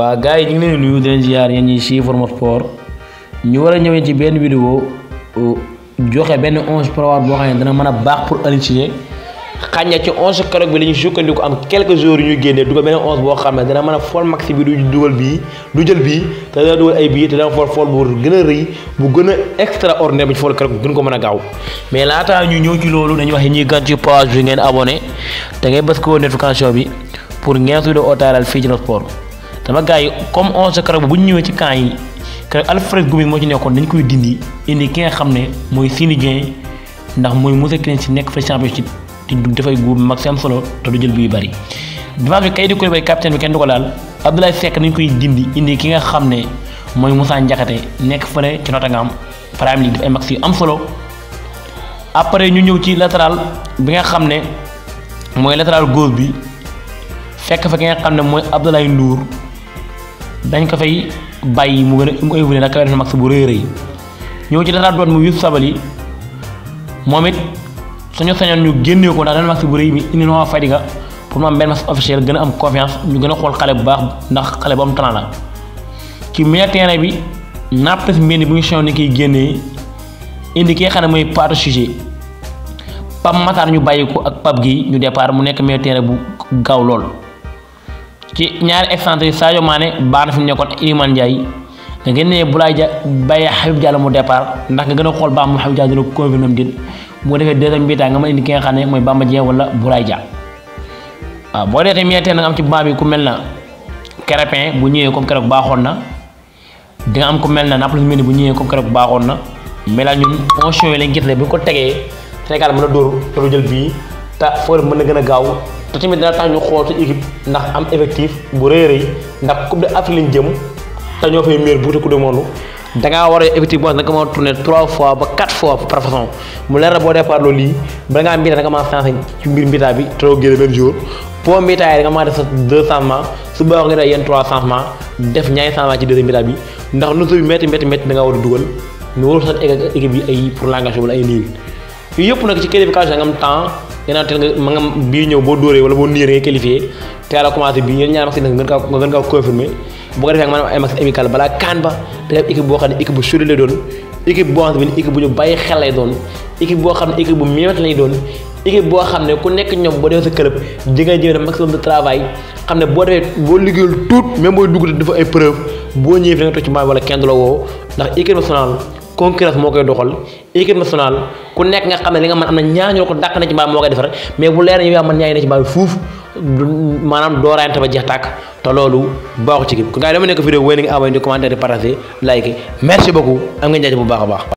waa gars yi ñu ngi leen nuyu di leen ziar yéen ñi ci sport ñu war a ñëwee ci benn vidéo euh, joxe benn onze probable boo xam ne dana mën a baax pour Aliou Cissé xañ na ci onze keroog la ñu sukkandiku am quelques jours yu ñuy génnee dugal benn onze boo xam ne dana mën a fool max bi du dugal bii du jël bii te dana dugal ay bii te dana fool fool bu gën a rëy bu gën a extraordinaire bu ci fool keroog gën ko mën a gaaw mais laata ñu ñëw ci loolu dañuy wax yi ñuy gan ci page bi ngeen abonné te ngay bës ko notification bi pour ngeen suñu ootaaral fii ci sport dama gars yi comme onze keroog bu ñu ñëwee ci camp yi keroog Alfred Gomis moo ci nekkoon dañ koy dindi indi ki nga xam ne mooy Seny Dieng ndax mooy Moise Kean si nekk fa championship te du dafay góob mag si am solo te jël bi yu bëri. devant bi koy bay capitaine bi kenn du ko laal Abdoulaye Seck nañ koy dindi indi ki nga xam ne mooy mosaa Ndiakhaté nekk fële ci Nottingham Premier League def ay max si am solo après ñu ñëw ci latéral bi nga xam ne mooy latéral gauche bi fekk fa ki nga xam ne mooy Abdoulaye Ndour. dañ ko fay bàyyi mu gëna mu évolué nag kawe def max bu reey reey ñoo ci dara doon mu yus sabali momit suñu sañon ñu génnee ko ndax dañ max bu reey mi indi no noo nga pour ma ben benn max officiel gëna am confiance ñu gëna xol xalé bu baax ndax xalé bu am talent la ci milieu terrain bi nappes mbenn bu ñu xew ni kiy génnee indi ki xana moy part sujet pam matar ñu bayiko ak pap gi ñu départ mu nekk milieu terrain bu gaw lool ci ñaari excentrique yi Sadio Mané baax na fi mu nekkoon Iliman Ndiaye nga génnee Boulaye ja baye Habib Diallo mu départ ndax nga gëna xol xool baax mu Habib Diallo dina confirmé am déet bu ko defee deuxième bi nga ma indi ki nga xam ne Bamba jé wala Boulaye ja ah bo dee tamit tey nga am ci banc bi ku melna na Crépin bu ñëwé comme kérok baaxoon na di nga am ku melna na Nampalys Mendy bu ñëwé comme kérok baaxoon na mais ñun onction yi lañu gis bu ko tegee Sénégal mëna door dóor te jël bi ta fóor mëna gëna gaaw te tamit dina tax ñu xool équipe ndax am effectif bu rëy rëy ndax coupe de afrique lañ jëm te ñoo fay miir buute coupe de monde da nga war effectif boo da nga mën tourner 3 fois ba 4 fois par façon mu leer bo départ lo li ba nga mbitaa da nga mën a ci mbir mbita bi trop génn benn jour boo mbitaay da nga ma def 200 ma su ba nga def 300 ma def ñay ñaari ma ci deuxième mbita bi ndax nu bi metti metti metti da nga war duggal nu ñu sa équipe bi ay pour l'engagement ay niil yooyu yëpp ci qualification nga am temps gannaaw teel nga ma nga bii ñëw boo dóoree wala boo niiree nga qualifié teel a commencé bii ñeen nga gën nga gën kaa confirmé bu ko defee nga maanaam ay max balaa kaan ba da équipe boo xam ne équipe bu solide lay doon équipe boo xam ne équipe bu ñu bàyyi xel lay boo xam ne équipe ku nekk ñoom boo defee sa club di nga jëmee maximum de travail xam ne boo defee boo liggéeyul tuut même booy dugg dafa ay preuve boo ñëwee fi nga toog ci maay wala kenn du la woo ndax équipe nationale concurrence moo koy doxal équipe nationale ku nekk nga xam ne li nga mën am na ñaañoo ko dàq na ci mbaam moo koy defar mais bu leer na yow yaa man ñaañu na ci mbaam fuuf maanaam dooraayante ba jeex tàkk te loolu baaxu ci kii kon gars yi dama nekk vidéo wéy na nga abonné di commenter di partager like merci beaucoup am nga njëriñ bu baax a baax.